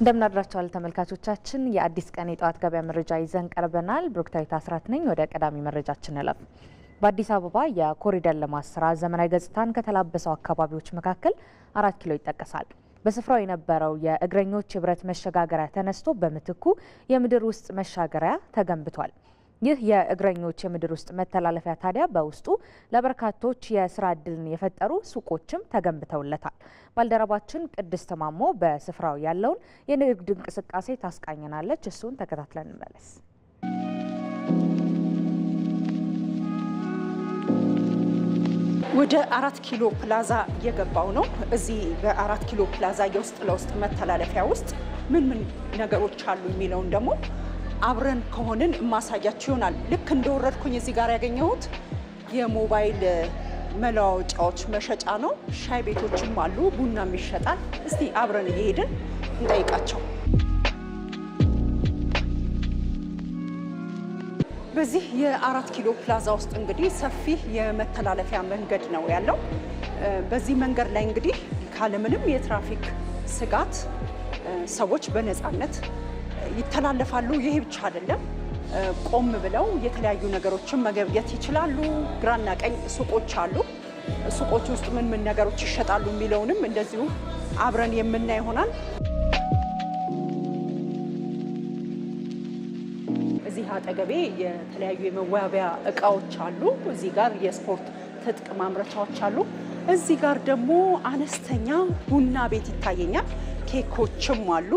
እንደምናድራቸዋል ተመልካቾቻችን፣ የአዲስ ቀን የጠዋት ገበያ መረጃ ይዘን ቀርበናል። ብሩክታዊት አስራት ነኝ። ወደ ቀዳሚ መረጃችን እለፍ። በአዲስ አበባ የኮሪደር ልማት ስራ ዘመናዊ ገጽታን ከተላበሰው አካባቢዎች መካከል አራት ኪሎ ይጠቀሳል። በስፍራው የነበረው የእግረኞች የብረት መሸጋገሪያ ተነስቶ በምትኩ የምድር ውስጥ መሻገሪያ ተገንብቷል። ይህ የእግረኞች የምድር ውስጥ መተላለፊያ ታዲያ በውስጡ ለበርካቶች የስራ እድልን የፈጠሩ ሱቆችም ተገንብተውለታል። ባልደረባችን ቅድስት ማሞ በስፍራው ያለውን የንግድ እንቅስቃሴ ታስቃኘናለች። እሱን ተከታትለን እንመለስ። ወደ አራት ኪሎ ፕላዛ እየገባው ነው። እዚህ በአራት ኪሎ ፕላዛ የውስጥ ለውስጥ መተላለፊያ ውስጥ ምን ምን ነገሮች አሉ የሚለውን ደግሞ አብረን ከሆንን ማሳያችሁ ይሆናል። ልክ እንደወረድኩኝ እዚህ ጋር ያገኘሁት የሞባይል መለዋወጫዎች መሸጫ ነው። ሻይ ቤቶችም አሉ፣ ቡናም ይሸጣል። እስቲ አብረን እየሄድን እንጠይቃቸው። በዚህ የአራት ኪሎ ፕላዛ ውስጥ እንግዲህ ሰፊ የመተላለፊያ መንገድ ነው ያለው። በዚህ መንገድ ላይ እንግዲህ ካለምንም የትራፊክ ስጋት ሰዎች በነፃነት ይተላለፋሉ። ይሄ ብቻ አይደለም። ቆም ብለው የተለያዩ ነገሮችን መገብየት ይችላሉ። ግራና ቀኝ ሱቆች አሉ። ሱቆች ውስጥ ምን ምን ነገሮች ይሸጣሉ የሚለውንም እንደዚሁ አብረን የምና ይሆናል። እዚህ አጠገቤ የተለያዩ የመዋቢያ እቃዎች አሉ። እዚህ ጋር የስፖርት ትጥቅ ማምረቻዎች አሉ። እዚህ ጋር ደግሞ አነስተኛ ቡና ቤት ይታየኛል። ኬኮችም አሉ።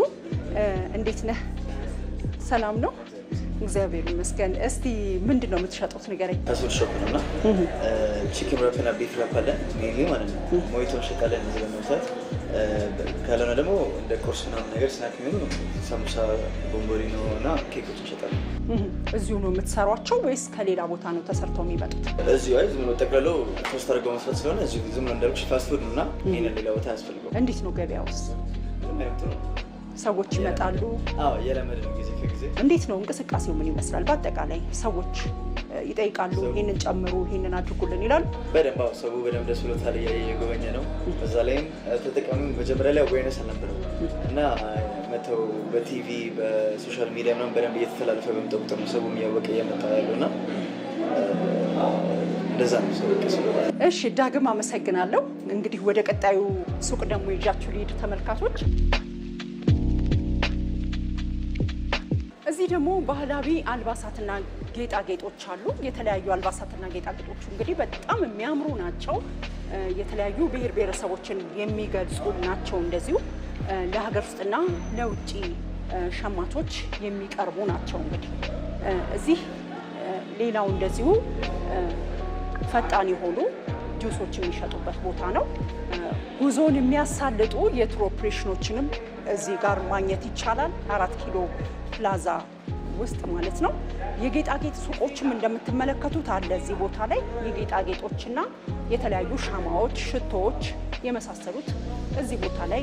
እንዴት ነህ? ሰላም ነው። እግዚአብሔር ይመስገን። እስቲ ምንድን ነው የምትሸጡት ንገረኝ። አሱር ሾፕ ነውና ቺክን ረፍና ቤት ረፍ አለን ማለት ነው። ሞይቶ እንሸጣለን እዚህ ለመውሰድ ካልሆነ ደግሞ እንደ ቁርስ ምናምን ነገር ስናክ የሚሆኑ ሳምቡሳ፣ ቦምቦሊኖ እና ኬኮች እንሸጣለን። እዚሁ ነው የምትሰሯቸው ወይስ ከሌላ ቦታ ነው ተሰርተው የሚመጡት? እዚሁ አይ ዝም ብሎ ጠቅልሎ ሶስት አድርገው መስራት ስለሆነ እዚሁ ዝም ብሎ እንዳልኩሽ ፋስት ፉድ ነውና ይሄንን ሌላ ቦታ አያስፈልገው። እንዴት ነው ገበያ ውስጥ ነው ሰዎች ይመጣሉ። እንዴት ነው እንቅስቃሴው? ምን ይመስላል? በአጠቃላይ ሰዎች ይጠይቃሉ። ይህንን ጨምሩ፣ ይህንን አድርጉልን ይላሉ። በደንብ አዎ፣ ሰው በደንብ ደስ ብሎታል፣ እየጎበኘ ነው። በዛ ላይም ተጠቃሚ መጀመሪያ ላይ አዌርነስ አልነበረው እና መተው በቲቪ በሶሻል ሚዲያ ምናምን በደንብ እየተተላለፈ በምጠቁጠሙ ሰቡም እያወቀ እየመጣ ያለው እና እንደዛ ነው ሰው። እሺ፣ ዳግም አመሰግናለሁ። እንግዲህ ወደ ቀጣዩ ሱቅ ደግሞ ይዣችሁ ልሂድ ተመልካቾች። እዚህ ደግሞ ባህላዊ አልባሳትና ጌጣጌጦች አሉ። የተለያዩ አልባሳትና ጌጣጌጦቹ እንግዲህ በጣም የሚያምሩ ናቸው። የተለያዩ ብሔር ብሔረሰቦችን የሚገልጹ ናቸው። እንደዚሁ ለሀገር ውስጥና ለውጭ ሸማቾች የሚቀርቡ ናቸው። እንግዲህ እዚህ ሌላው እንደዚሁ ፈጣን የሆኑ ጁሶች የሚሸጡበት ቦታ ነው። ጉዞን የሚያሳልጡ የቱር ኦፕሬሽኖችንም እዚህ ጋር ማግኘት ይቻላል። አራት ኪሎ ፕላዛ ውስጥ ማለት ነው። የጌጣጌጥ ሱቆችም እንደምትመለከቱት አለ እዚህ ቦታ ላይ የጌጣጌጦችና የተለያዩ ሻማዎች፣ ሽቶዎች የመሳሰሉት እዚህ ቦታ ላይ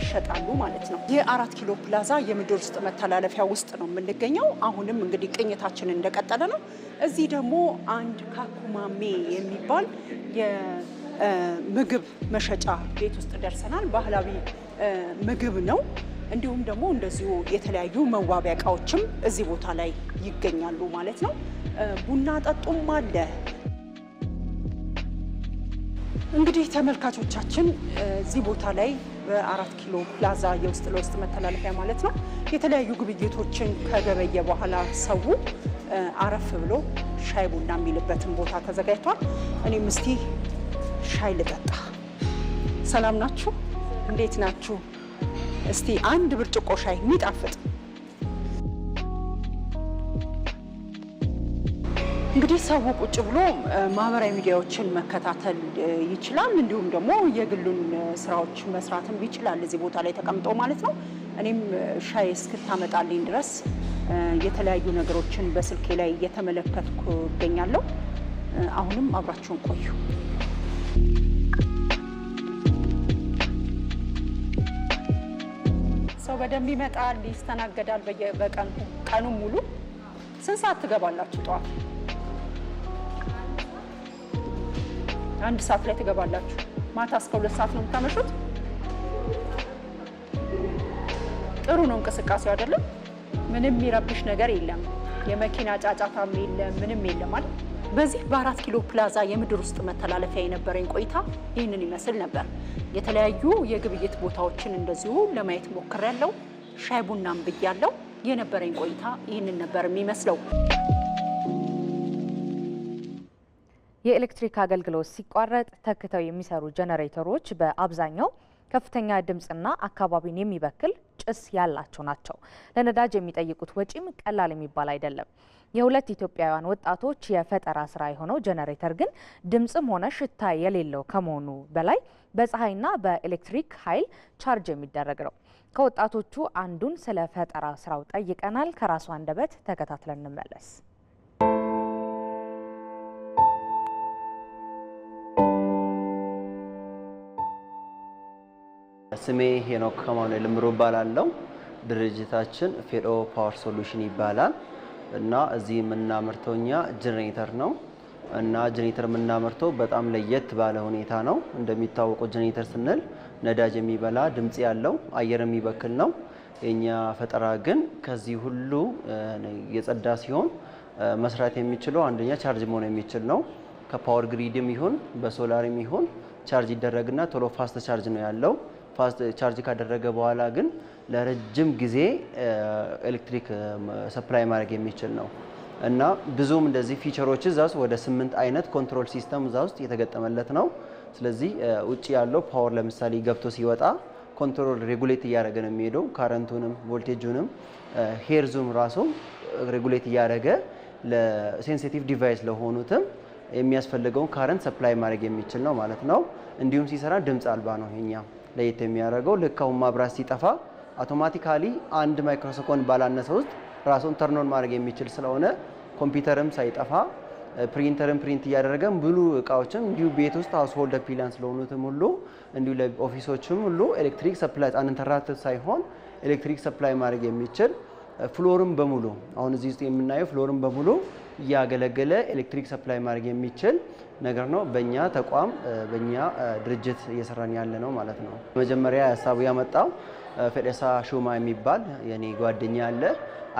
ይሸጣሉ ማለት ነው። የአራት ኪሎ ፕላዛ የምድር ውስጥ መተላለፊያ ውስጥ ነው የምንገኘው። አሁንም እንግዲህ ቅኝታችን እንደቀጠለ ነው። እዚህ ደግሞ አንድ ካኩማሜ የሚባል የምግብ መሸጫ ቤት ውስጥ ደርሰናል። ባህላዊ ምግብ ነው። እንዲሁም ደግሞ እንደዚሁ የተለያዩ መዋቢያ እቃዎችም እዚህ ቦታ ላይ ይገኛሉ ማለት ነው። ቡና ጠጡም አለ። እንግዲህ ተመልካቾቻችን እዚህ ቦታ ላይ በአራት ኪሎ ፕላዛ የውስጥ ለውስጥ መተላለፊያ ማለት ነው የተለያዩ ግብይቶችን ከገበየ በኋላ ሰው አረፍ ብሎ ሻይ ቡና የሚልበትን ቦታ ተዘጋጅቷል። እኔም እስቲ ሻይ ልጠጣ። ሰላም ናችሁ? እንዴት ናችሁ? እስቲ አንድ ብርጭቆ ሻይ የሚጣፍጥ እንግዲህ ሰው ቁጭ ብሎ ማህበራዊ ሚዲያዎችን መከታተል ይችላል። እንዲሁም ደግሞ የግሉን ስራዎች መስራትም ይችላል እዚህ ቦታ ላይ ተቀምጦ ማለት ነው። እኔም ሻይ እስክታመጣልኝ ድረስ የተለያዩ ነገሮችን በስልኬ ላይ እየተመለከትኩ እገኛለሁ። አሁንም አብራችሁን ቆዩ። በደንብ ይመጣል፣ ይስተናገዳል። በቀኑ ቀኑ ሙሉ ስንት ሰዓት ትገባላችሁ? ጠዋት አንድ ሰዓት ላይ ትገባላችሁ። ማታ እስከ ሁለት ሰዓት ነው የምታመሹት። ጥሩ ነው እንቅስቃሴው አይደለም? ምንም የሚረብሽ ነገር የለም። የመኪና ጫጫታም የለም፣ ምንም የለም ማለት በዚህ በአራት ኪሎ ፕላዛ የምድር ውስጥ መተላለፊያ የነበረኝ ቆይታ ይህንን ይመስል ነበር። የተለያዩ የግብይት ቦታዎችን እንደዚሁ ለማየት ሞክሬያለሁ። ሻይ ቡናም ብያለሁ። የነበረኝ ቆይታ ይህንን ነበር የሚመስለው። የኤሌክትሪክ አገልግሎት ሲቋረጥ ተክተው የሚሰሩ ጀነሬተሮች በአብዛኛው ከፍተኛ ድምፅና አካባቢን የሚበክል ጭስ ያላቸው ናቸው። ለነዳጅ የሚጠይቁት ወጪም ቀላል የሚባል አይደለም። የሁለት ኢትዮጵያውያን ወጣቶች የፈጠራ ስራ የሆነው ጀነሬተር ግን ድምጽም ሆነ ሽታ የሌለው ከመሆኑ በላይ በፀሐይና በኤሌክትሪክ ኃይል ቻርጅ የሚደረግ ነው። ከወጣቶቹ አንዱን ስለ ፈጠራ ስራው ጠይቀናል። ከራሱ አንደበት ተከታትለን እንመለስ። ስሜ ሄኖክ ከማኑኤል ምሩ እባላለሁ። ድርጅታችን ፌዶ ፓወር ሶሉሽን ይባላል። እና እዚህ የምናመርተው እኛ ጀኔሬተር ነው እና ጀኔሬተር የምናመርተው በጣም ለየት ባለ ሁኔታ ነው። እንደሚታወቀው ጀኔሬተር ስንል ነዳጅ የሚበላ ድምፅ ያለው አየር የሚበክል ነው። የኛ ፈጠራ ግን ከዚህ ሁሉ የጸዳ ሲሆን መስራት የሚችለው አንደኛ ቻርጅ መሆን የሚችል ነው። ከፓወር ግሪድም ይሁን በሶላርም ይሁን ቻርጅ ይደረግና ቶሎ ፋስት ቻርጅ ነው ያለው። ፋስት ቻርጅ ካደረገ በኋላ ግን ለረጅም ጊዜ ኤሌክትሪክ ሰፕላይ ማድረግ የሚችል ነው እና ብዙም እንደዚህ ፊቸሮች እዛ ውስጥ ወደ ስምንት አይነት ኮንትሮል ሲስተም እዛ ውስጥ የተገጠመለት ነው። ስለዚህ ውጭ ያለው ፓወር ለምሳሌ ገብቶ ሲወጣ ኮንትሮል ሬጉሌት እያደረገ ነው የሚሄደው። ካረንቱንም ቮልቴጁንም ሄርዙም ራሱ ሬጉሌት እያደረገ ለሴንሲቲቭ ዲቫይስ ለሆኑትም የሚያስፈልገውን ካረንት ሰፕላይ ማድረግ የሚችል ነው ማለት ነው። እንዲሁም ሲሰራ ድምፅ አልባ ነው ይሄኛው ለየት የሚያደርገው ልክ አሁን ማብራት ሲጠፋ አውቶማቲካሊ አንድ ማይክሮሰኮንድ ባላነሰ ውስጥ ራሱን ተርኖን ማድረግ የሚችል ስለሆነ ኮምፒውተርም ሳይጠፋ ፕሪንተርን ፕሪንት እያደረገ ብሉ እቃዎችም እንዲሁ ቤት ውስጥ ሀውስሆልድ ፒላን ስለሆኑትም ሁሉ እንዲሁ ለኦፊሶችም ሁሉ ኤሌክትሪክ ሰፕላይ አንንተራት ሳይሆን ኤሌክትሪክ ሰፕላይ ማድረግ የሚችል ፍሎርም በሙሉ አሁን እዚህ ውስጥ የምናየው ፍሎርም በሙሉ እያገለገለ ኤሌክትሪክ ሰፕላይ ማድረግ የሚችል ነገር ነው። በእኛ ተቋም በእኛ ድርጅት እየሰራን ያለ ነው ማለት ነው። መጀመሪያ ሀሳቡ ያመጣው ፌዴሳ ሹማ የሚባል የኔ ጓደኛ አለ።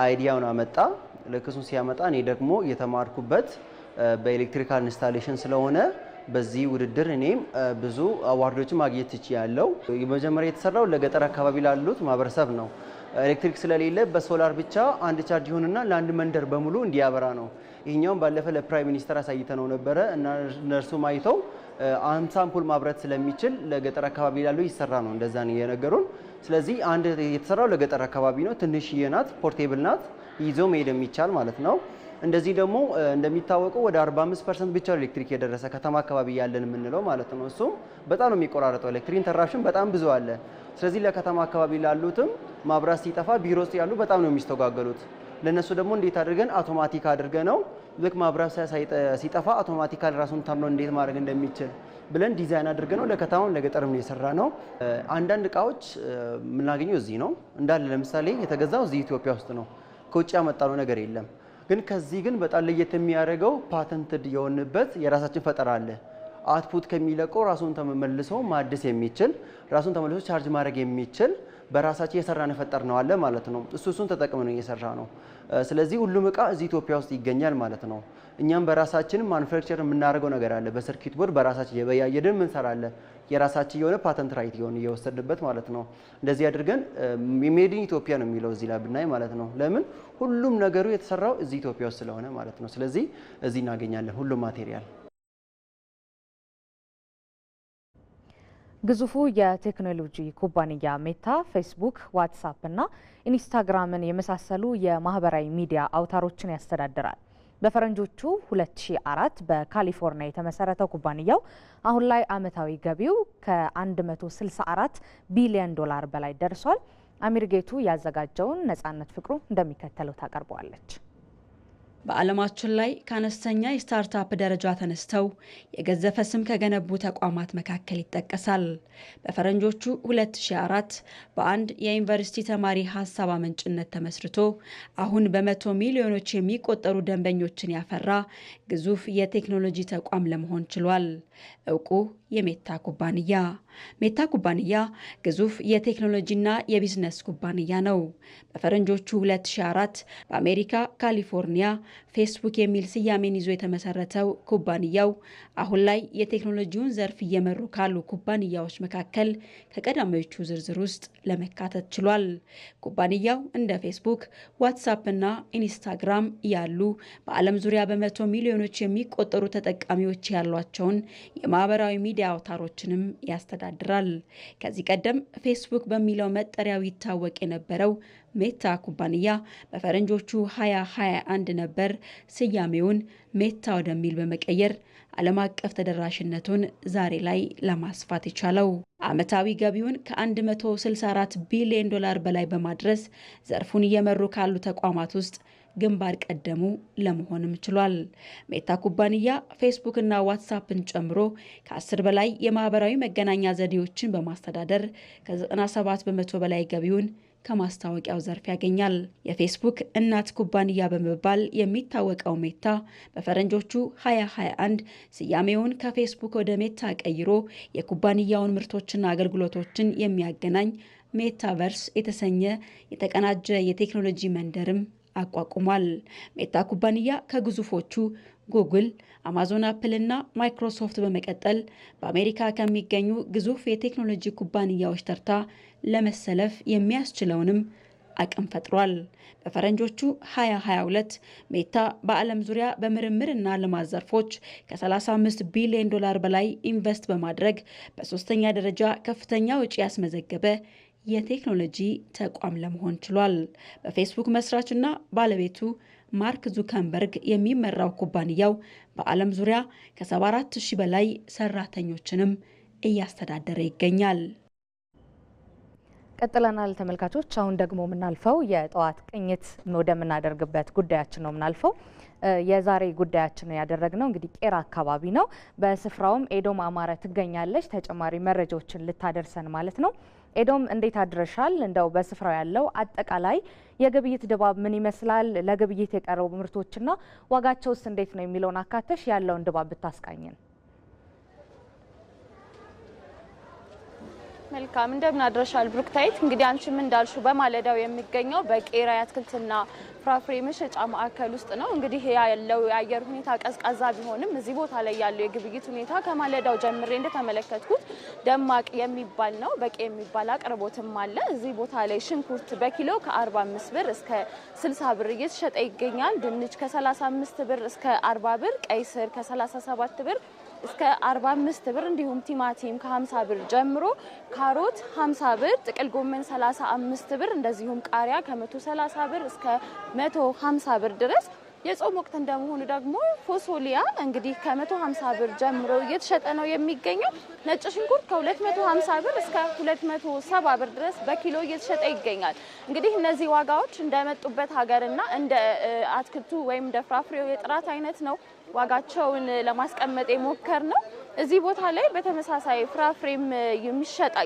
አይዲያውን አመጣ። ለክሱን ሲያመጣ እኔ ደግሞ እየተማርኩበት በኤሌክትሪካል ኢንስታሌሽን ስለሆነ በዚህ ውድድር እኔም ብዙ አዋርዶችን ማግኘት ትችያለው። መጀመሪያ የተሰራው ለገጠር አካባቢ ላሉት ማህበረሰብ ነው። ኤሌክትሪክ ስለሌለ በሶላር ብቻ አንድ ቻርጅ ይሆንና ለአንድ መንደር በሙሉ እንዲያበራ ነው። ይህኛውም ባለፈ ለፕራይም ሚኒስተር አሳይተነው ነበረ እና እነርሱም አይተው አምሳ አምፖል ማብረት ስለሚችል ለገጠር አካባቢ ላለው ይሰራ ነው። እንደዛ ነው የነገሩን። ስለዚህ አንድ የተሰራው ለገጠር አካባቢ ነው። ትንሽዬ ናት፣ ፖርቴብል ናት፣ ይዞ መሄድ የሚቻል ማለት ነው። እንደዚህ ደግሞ እንደሚታወቀው ወደ 45% ብቻ ኤሌክትሪክ የደረሰ ከተማ አካባቢ ያለን የምንለው ማለት ነው። እሱም በጣም ነው የሚቆራረጠው። ኤሌክትሪክ ኢንተራፕሽን በጣም ብዙ አለ። ስለዚህ ለከተማ አካባቢ ላሉትም ማብራት ሲጠፋ ቢሮ ውስጥ ያሉ በጣም ነው የሚስተጓገሉት። ለእነሱ ደግሞ እንዴት አድርገን አውቶማቲክ አድርገ ነው ልክ ማብራት ሲጠፋ አውቶማቲካል ራሱን ተምኖ እንዴት ማድረግ እንደሚችል ብለን ዲዛይን አድርገ ነው ለከተማም ለገጠርም የሰራ ነው። አንዳንድ እቃዎች የምናገኘው እዚህ ነው እንዳለ። ለምሳሌ የተገዛው እዚህ ኢትዮጵያ ውስጥ ነው። ከውጭ ያመጣነው ነገር የለም። ግን ከዚህ ግን በጣም ለየት የሚያደርገው ፓተንትድ የሆንበት የራሳችን ፈጠራ አለ። አውትፑት ከሚለቀው ራሱን ተመልሶ ማደስ የሚችል ራሱን ተመልሶ ቻርጅ ማድረግ የሚችል በራሳችን የሰራን ፈጠር ነው አለ ማለት ነው። እሱ እሱን ተጠቅመን ነው እየሰራ ነው። ስለዚህ ሁሉም እቃ እዚህ ኢትዮጵያ ውስጥ ይገኛል ማለት ነው። እኛም በራሳችን ማኑፋክቸር የምናደርገው ነገር አለ። በሰርኪት ቦርድ በራሳችን የበያየድን ምንሰራለን። የራሳችን የሆነ ፓተንት ራይት የሆነ እየወሰድንበት ማለት ነው። እንደዚህ አድርገን ሜድን ኢትዮጵያ ነው የሚለው እዚህ ላይ ብናይ ማለት ነው። ለምን ሁሉም ነገሩ የተሰራው እዚህ ኢትዮጵያ ውስጥ ስለሆነ ማለት ነው። ስለዚህ እዚህ እናገኛለን ሁሉም ማቴሪያል ግዙፉ የቴክኖሎጂ ኩባንያ ሜታ ፌስቡክ፣ ዋትሳፕ እና ኢንስታግራምን የመሳሰሉ የማህበራዊ ሚዲያ አውታሮችን ያስተዳድራል። በፈረንጆቹ 2004 በካሊፎርኒያ የተመሰረተው ኩባንያው አሁን ላይ አመታዊ ገቢው ከ164 ቢሊዮን ዶላር በላይ ደርሷል። አሚር ጌቱ ያዘጋጀውን ነጻነት ፍቅሩ እንደሚከተለው ታቀርበዋለች። በዓለማችን ላይ ከአነስተኛ የስታርታፕ ደረጃ ተነስተው የገዘፈ ስም ከገነቡ ተቋማት መካከል ይጠቀሳል። በፈረንጆቹ 2004 በአንድ የዩኒቨርሲቲ ተማሪ ሀሳብ አመንጭነት ተመስርቶ አሁን በመቶ ሚሊዮኖች የሚቆጠሩ ደንበኞችን ያፈራ ግዙፍ የቴክኖሎጂ ተቋም ለመሆን ችሏል። እውቁ የሜታ ኩባንያ ሜታ ኩባንያ ግዙፍ የቴክኖሎጂና የቢዝነስ ኩባንያ ነው። በፈረንጆቹ 2004 በአሜሪካ ካሊፎርኒያ ፌስቡክ የሚል ስያሜን ይዞ የተመሰረተው ኩባንያው አሁን ላይ የቴክኖሎጂውን ዘርፍ እየመሩ ካሉ ኩባንያዎች መካከል ከቀዳሚዎቹ ዝርዝር ውስጥ ለመካተት ችሏል። ኩባንያው እንደ ፌስቡክ፣ ዋትሳፕ እና ኢንስታግራም ያሉ በዓለም ዙሪያ በመቶ ሚሊዮኖች የሚቆጠሩ ተጠቃሚዎች ያሏቸውን የማህበራዊ ሚዲያ አውታሮችንም ያስተዳድራል። ከዚህ ቀደም ፌስቡክ በሚለው መጠሪያው ይታወቅ የነበረው ሜታ ኩባንያ በፈረንጆቹ 2021 ነበር ስያሜውን ሜታ ወደሚል በመቀየር ዓለም አቀፍ ተደራሽነቱን ዛሬ ላይ ለማስፋት የቻለው። ዓመታዊ ገቢውን ከ164 ቢሊዮን ዶላር በላይ በማድረስ ዘርፉን እየመሩ ካሉ ተቋማት ውስጥ ግንባር ቀደሙ ለመሆንም ችሏል። ሜታ ኩባንያ ፌስቡክና ዋትሳፕን ጨምሮ ከ10 በላይ የማህበራዊ መገናኛ ዘዴዎችን በማስተዳደር ከ97 በመቶ በላይ ገቢውን ከማስታወቂያው ዘርፍ ያገኛል። የፌስቡክ እናት ኩባንያ በመባል የሚታወቀው ሜታ በፈረንጆቹ 2021 ስያሜውን ከፌስቡክ ወደ ሜታ ቀይሮ የኩባንያውን ምርቶችና አገልግሎቶችን የሚያገናኝ ሜታቨርስ የተሰኘ የተቀናጀ የቴክኖሎጂ መንደርም አቋቁሟል። ሜታ ኩባንያ ከግዙፎቹ ጉግል፣ አማዞን፣ አፕል እና ማይክሮሶፍት በመቀጠል በአሜሪካ ከሚገኙ ግዙፍ የቴክኖሎጂ ኩባንያዎች ተርታ ለመሰለፍ የሚያስችለውንም አቅም ፈጥሯል። በፈረንጆቹ 2022 ሜታ በዓለም ዙሪያ በምርምርና ልማት ዘርፎች ከ35 ቢሊዮን ዶላር በላይ ኢንቨስት በማድረግ በሶስተኛ ደረጃ ከፍተኛ ውጪ ያስመዘገበ የቴክኖሎጂ ተቋም ለመሆን ችሏል። በፌስቡክ መስራችና ባለቤቱ ማርክ ዙከንበርግ የሚመራው ኩባንያው በዓለም ዙሪያ ከ74 ሺህ በላይ ሰራተኞችንም እያስተዳደረ ይገኛል። ቀጥለናል ተመልካቾች። አሁን ደግሞ የምናልፈው የጠዋት ቅኝት ወደምናደርግበት ጉዳያችን ነው የምናልፈው። የዛሬ ጉዳያችን ያደረግነው እንግዲህ ቄራ አካባቢ ነው። በስፍራውም ኤዶም አማረ ትገኛለች። ተጨማሪ መረጃዎችን ልታደርሰን ማለት ነው ኤዶም እንዴት አድረሻል? እንደው በስፍራው ያለው አጠቃላይ የግብይት ድባብ ምን ይመስላል? ለግብይት የቀረቡ ምርቶችና ዋጋቸውስ እንዴት ነው የሚለውን አካተሽ ያለውን ድባብ ብታስቃኝን። መልካም እንደምን አድረሻል ብሩክታይት። እንግዲህ አንቺም እንዳልሽው በማለዳው የሚገኘው በቄራ አትክልትና ፍራፍሬ መሸጫ ማዕከል ውስጥ ነው። እንግዲህ ያለው የአየር ሁኔታ ቀዝቃዛ ቢሆንም እዚህ ቦታ ላይ ያለው የግብይት ሁኔታ ከማለዳው ጀምሬ እንደተመለከትኩት ደማቅ የሚባል ነው። በቂ የሚባል አቅርቦትም አለ። እዚህ ቦታ ላይ ሽንኩርት በኪሎ ከ45 ብር እስከ 60 ብር እየተሸጠ ይገኛል። ድንች ከ35 ብር እስከ 40 ብር፣ ቀይ ስር ከ37 ብር እስከ 45 ብር እንዲሁም ቲማቲም ከ50 ብር ጀምሮ ካሮት 50 ብር፣ ጥቅል ጎመን 35 ብር እንደዚሁም ቃሪያ ከ130 ብር እስከ 150 ብር ድረስ የጾም ወቅት እንደመሆኑ ደግሞ ፎሶሊያ እንግዲህ ከ150 ብር ጀምሮ እየተሸጠ ነው የሚገኘው። ነጭ ሽንኩርት ከ250 ብር እስከ 270 ብር ድረስ በኪሎ እየተሸጠ ይገኛል። እንግዲህ እነዚህ ዋጋዎች እንደመጡበት ሀገርና እንደ አትክልቱ ወይም እንደ ፍራፍሬው የጥራት አይነት ነው ዋጋቸውን ለማስቀመጥ የሞከር ነው። እዚህ ቦታ ላይ በተመሳሳይ ፍራፍሬም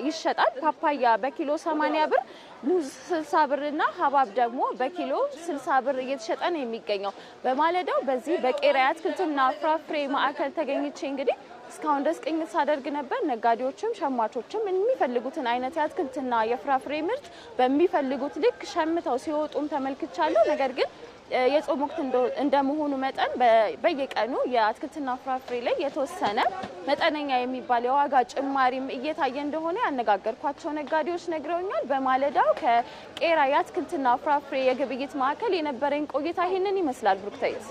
ይሸጣል። ፓፓያ በኪሎ 80 ብር፣ ሙዝ 60 ብር እና ሀባብ ደግሞ በኪሎ 60 ብር እየተሸጠ ነው የሚገኘው። በማለዳው በዚህ በቄራ አትክልትና ፍራፍሬ ማዕከል ተገኝቼ እንግዲህ እስካሁን ድረስ ቅኝት ሳደርግ ነበር። ነጋዴዎችም ሸማቾችም የሚፈልጉትን አይነት የአትክልትና የፍራፍሬ ምርት በሚፈልጉት ልክ ሸምተው ሲወጡም ተመልክቻለሁ። ነገር ግን የጾም ወቅት እንደመሆኑ መጠን በየቀኑ የአትክልትና ፍራፍሬ ላይ የተወሰነ መጠነኛ የሚባል የዋጋ ጭማሪም እየታየ እንደሆነ ያነጋገርኳቸው ነጋዴዎች ነግረውኛል። በማለዳው ከቄራ የአትክልትና ፍራፍሬ የግብይት ማዕከል የነበረኝ ቆይታ ይህንን ይመስላል ብሩክታይት።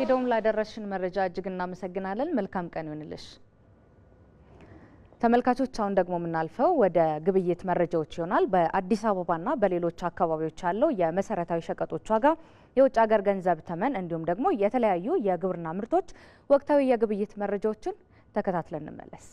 ኤዶም ላደረሽን መረጃ እጅግ እናመሰግናለን። መልካም ቀን ይሁንልሽ። ተመልካቾች አሁን ደግሞ የምናልፈው ወደ ግብይት መረጃዎች ይሆናል። በአዲስ አበባና በሌሎች አካባቢዎች ያለው የመሰረታዊ ሸቀጦች ዋጋ፣ የውጭ ሀገር ገንዘብ ተመን እንዲሁም ደግሞ የተለያዩ የግብርና ምርቶች ወቅታዊ የግብይት መረጃዎችን ተከታትለን እንመለስ።